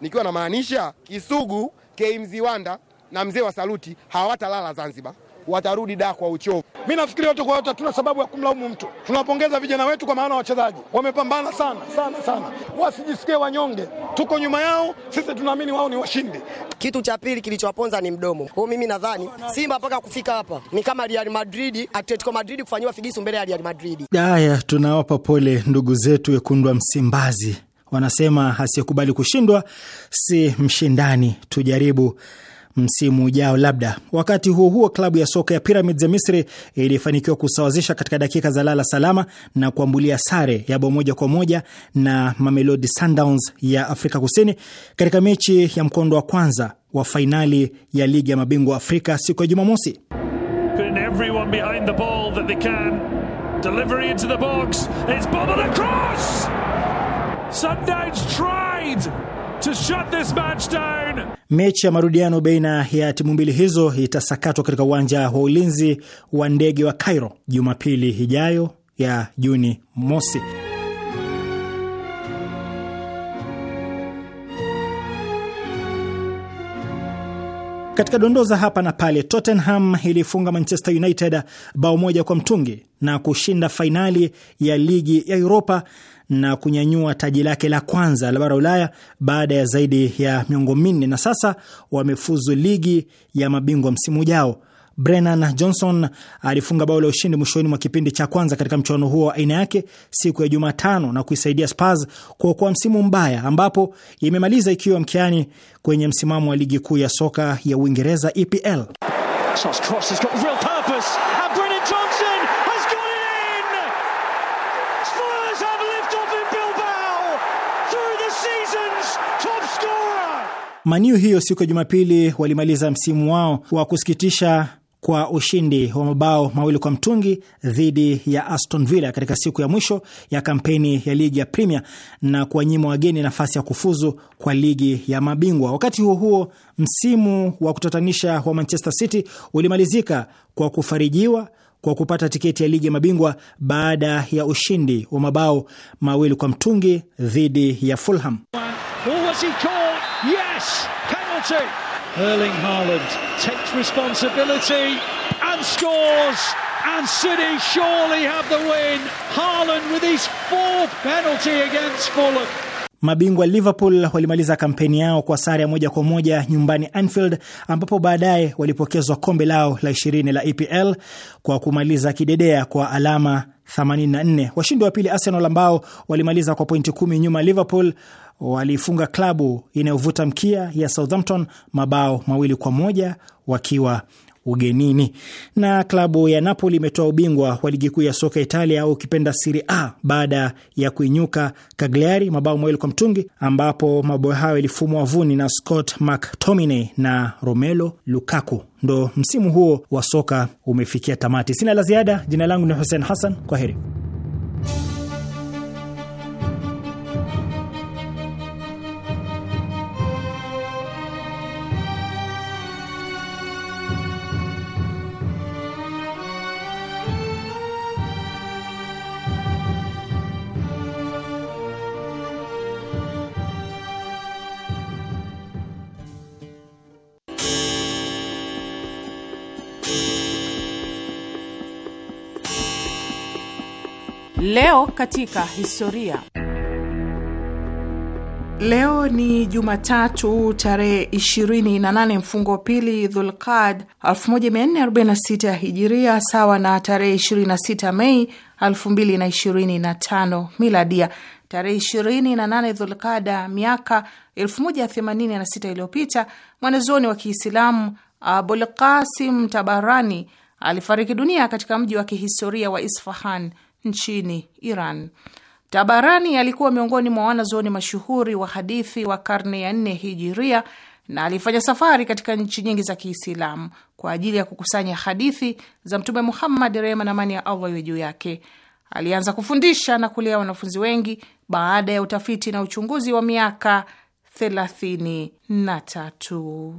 nikiwa namaanisha Kisugu KMZ Wanda na mzee wa Saluti hawatalala Zanzibar watarudi da kwa uchovu. Mi nafikiri yote kwa yote, hatuna sababu ya kumlaumu mtu. Tunawapongeza vijana wetu, kwa maana wachezaji wamepambana sana sana sana, wasijisikie wanyonge. Tuko nyuma yao, sisi tunaamini wao ni washindi. Kitu cha pili kilichowaponza ni mdomo. Kwa mimi nadhani Simba mpaka kufika hapa ni kama Real Madrid, Atletico Madrid kufanyiwa figisu mbele ya Real Madrid. Haya, tunawapa pole ndugu zetu wekundu Msimbazi, wanasema asiyekubali kushindwa si mshindani. Tujaribu msimu ujao labda. Wakati huo huo, klabu ya soka ya Pyramids ya Misri ilifanikiwa kusawazisha katika dakika za lala salama na kuambulia sare ya bao moja kwa moja na Mamelodi Sundowns ya Afrika Kusini katika mechi ya mkondo wa kwanza wa fainali ya ligi ya mabingwa Afrika siku ya Jumamosi. Sundowns tried to shut this match down. Mechi ya marudiano baina ya timu mbili hizo itasakatwa katika uwanja wa ulinzi wa ndege wa Cairo Jumapili ijayo ya Juni mosi. Katika dondoo za hapa na pale, Tottenham ilifunga Manchester United bao moja kwa mtungi na kushinda fainali ya ligi ya Europa na kunyanyua taji lake la kwanza la bara Ulaya baada ya zaidi ya miongo minne, na sasa wamefuzu ligi ya mabingwa msimu ujao. Brennan Johnson alifunga bao la ushindi mwishoni mwa kipindi cha kwanza katika mchuano huo wa aina yake siku ya Jumatano na kuisaidia Spurs kuokoa msimu mbaya ambapo imemaliza ikiwa mkiani kwenye msimamo wa ligi kuu ya soka ya Uingereza EPL. Maniu hiyo siku ya Jumapili walimaliza msimu wao wa kusikitisha kwa ushindi wa mabao mawili kwa mtungi dhidi ya Aston Villa katika siku ya mwisho ya kampeni ya ligi ya Premier na kuwanyima wageni nafasi ya kufuzu kwa ligi ya mabingwa. Wakati huo huo, msimu wa kutatanisha wa Manchester City ulimalizika kwa kufarijiwa kwa kupata tiketi ya ligi ya mabingwa baada ya ushindi wa mabao mawili kwa mtungi dhidi ya Fulham. Yes! Penalty! Erling Haaland takes responsibility and scores. And City surely have the win. Haaland with his fourth penalty against Fulham. Mabingwa Liverpool walimaliza kampeni yao kwa sare ya moja kwa moja nyumbani Anfield, ambapo baadaye walipokezwa kombe lao la 20 la EPL kwa kumaliza kidedea kwa alama 84. Washindi wa pili Arsenal, ambao walimaliza kwa pointi kumi nyuma Liverpool waliifunga klabu inayovuta mkia ya Southampton mabao mawili kwa moja wakiwa ugenini. Na klabu ya Napoli imetoa ubingwa wa ligi kuu ya soka Italia au ukipenda Serie A baada ya kuinyuka Cagliari mabao mawili kwa mtungi, ambapo mabao hayo yalifumwa wavuni na Scott McTominay na Romelu Lukaku. Ndo msimu huo wa soka umefikia tamati. Sina la ziada. Jina langu ni Hussein Hassan, kwa heri. Leo katika historia. Leo ni Jumatatu tarehe 28 mfungo pili Dhulqad 1446 hijiria sawa na tarehe 26 Mei 2025 miladia. Tarehe 28 Dhulqada miaka 1086 iliyopita mwanazuoni wa Kiislamu Abul Qasim Tabarani alifariki dunia katika mji wa kihistoria wa Isfahan nchini Iran. Tabarani alikuwa miongoni mwa wanazuoni mashuhuri wa hadithi wa karne ya nne hijiria na alifanya safari katika nchi nyingi za Kiislamu kwa ajili ya kukusanya hadithi za Mtume Muhammad, rehma na amani ya Allah iwe juu yake. Alianza kufundisha na kulea wanafunzi wengi baada ya utafiti na uchunguzi wa miaka thelathini na tatu.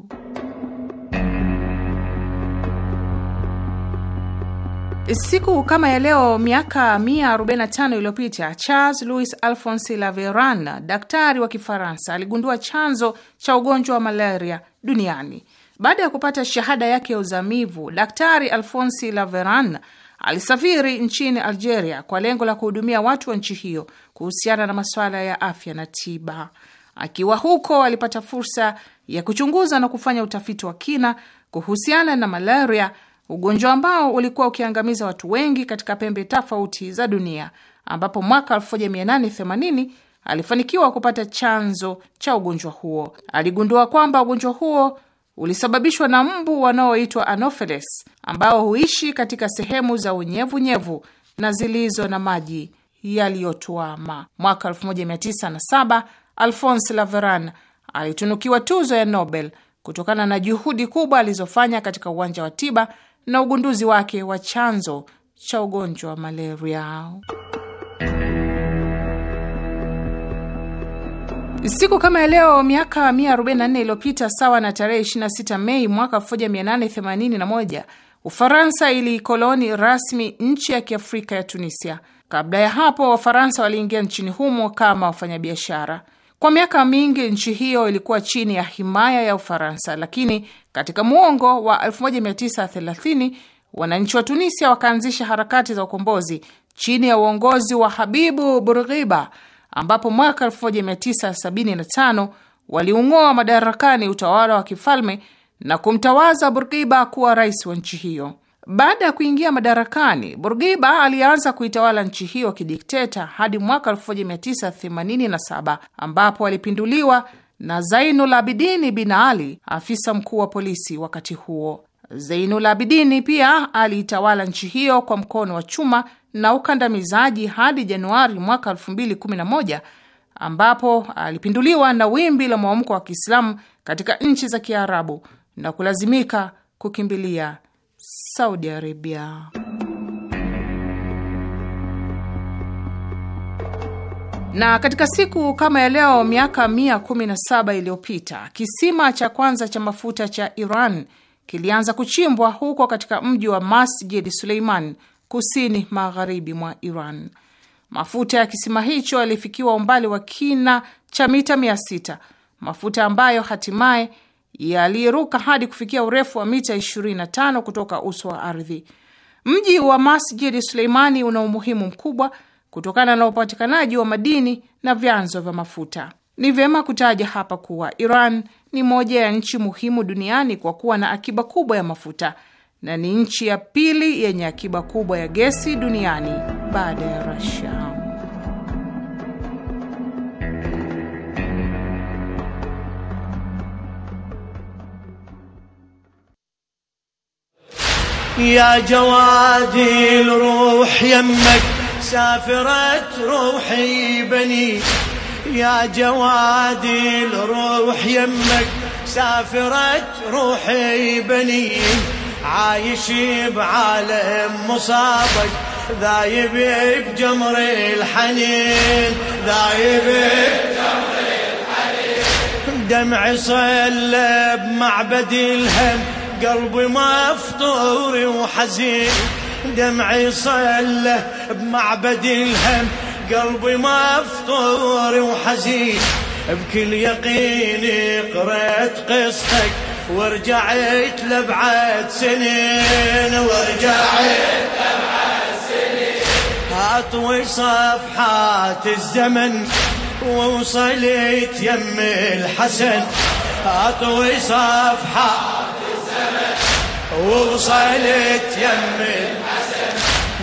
Siku kama ya leo miaka 145 iliyopita Charles Louis Alphonse Laveran, daktari wa Kifaransa, aligundua chanzo cha ugonjwa wa malaria duniani. Baada ya kupata shahada yake ya uzamivu, Daktari Alphonse Laveran alisafiri nchini Algeria kwa lengo la kuhudumia watu wa nchi hiyo kuhusiana na masuala ya afya na tiba. Akiwa huko, alipata fursa ya kuchunguza na kufanya utafiti wa kina kuhusiana na malaria ugonjwa ambao ulikuwa ukiangamiza watu wengi katika pembe tofauti za dunia, ambapo mwaka 1880 alifanikiwa kupata chanzo cha ugonjwa huo. Aligundua kwamba ugonjwa huo ulisababishwa na mbu wanaoitwa Anopheles ambao huishi katika sehemu za unyevunyevu na zilizo na maji yaliyotuama. Mwaka 1907 Alphonse Laveran alitunukiwa tuzo ya Nobel kutokana na juhudi kubwa alizofanya katika uwanja wa tiba na ugunduzi wake wa chanzo cha ugonjwa wa malaria. Siku kama ya leo miaka 144 iliyopita, sawa na tarehe 26 Mei mwaka 1881, Ufaransa iliikoloni rasmi nchi ya Kiafrika ya Tunisia. Kabla ya hapo, Wafaransa waliingia nchini humo kama wafanyabiashara. Kwa miaka mingi nchi hiyo ilikuwa chini ya himaya ya Ufaransa, lakini katika muongo wa 1930 wananchi wa Tunisia wakaanzisha harakati za ukombozi chini ya uongozi wa Habibu Burghiba, ambapo mwaka 1975 waliung'oa madarakani utawala wa kifalme na kumtawaza Burgiba kuwa rais wa nchi hiyo. Baada ya kuingia madarakani, burgiba alianza kuitawala nchi hiyo kidikteta hadi mwaka 1987 ambapo alipinduliwa na Zainul Abidini bin Ali, afisa mkuu wa polisi wakati huo. Zainul Abidini pia aliitawala nchi hiyo kwa mkono wa chuma na ukandamizaji hadi Januari mwaka 2011 ambapo alipinduliwa na wimbi la mwamko wa Kiislamu katika nchi za Kiarabu na kulazimika kukimbilia Saudi Arabia. Na katika siku kama ya leo miaka 117 iliyopita kisima cha kwanza cha mafuta cha Iran kilianza kuchimbwa huko katika mji wa Masjid Suleiman kusini magharibi mwa Iran. Mafuta ya kisima hicho yalifikiwa umbali wa kina cha mita 600, mafuta ambayo hatimaye yaliyeruka hadi kufikia urefu wa mita 25 kutoka uso wa ardhi. Mji wa Masjid Suleimani una umuhimu mkubwa kutokana na upatikanaji wa madini na vyanzo vya mafuta. Ni vyema kutaja hapa kuwa Iran ni moja ya nchi muhimu duniani kwa kuwa na akiba kubwa ya mafuta na ni nchi ya pili yenye akiba kubwa ya gesi duniani baada ya Russia. يا جوادي الروح يمك سافرت روحي بني يا جوادي الروح يمك سافرت روحي بني عايش بعالم مصابك ذايب بجمر الحنين ذايب بجمر الحنين دمع صلب معبد الهم قلبي مفطوري وحزين دمعي صلى بمعبد الهم قلبي مفطوري وحزين بكل يقيني قرأت قصتك ورجعت لبعد سنين ورجعت لبعد سنين اطوي صفحات الزمن ووصلت يم الحسن اطوي صفحات ووصلت يم الحسن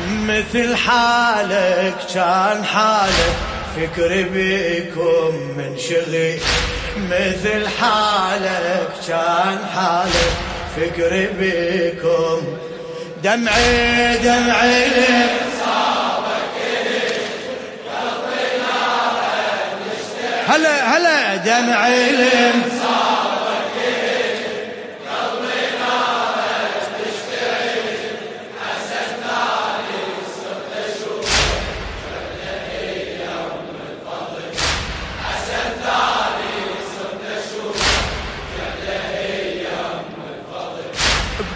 مثل حالك كان حالك فكري بيكم من شغي مثل حالك كان حالك فكري بيكم دمعي دمعي هلا هلا دمعي الانصاف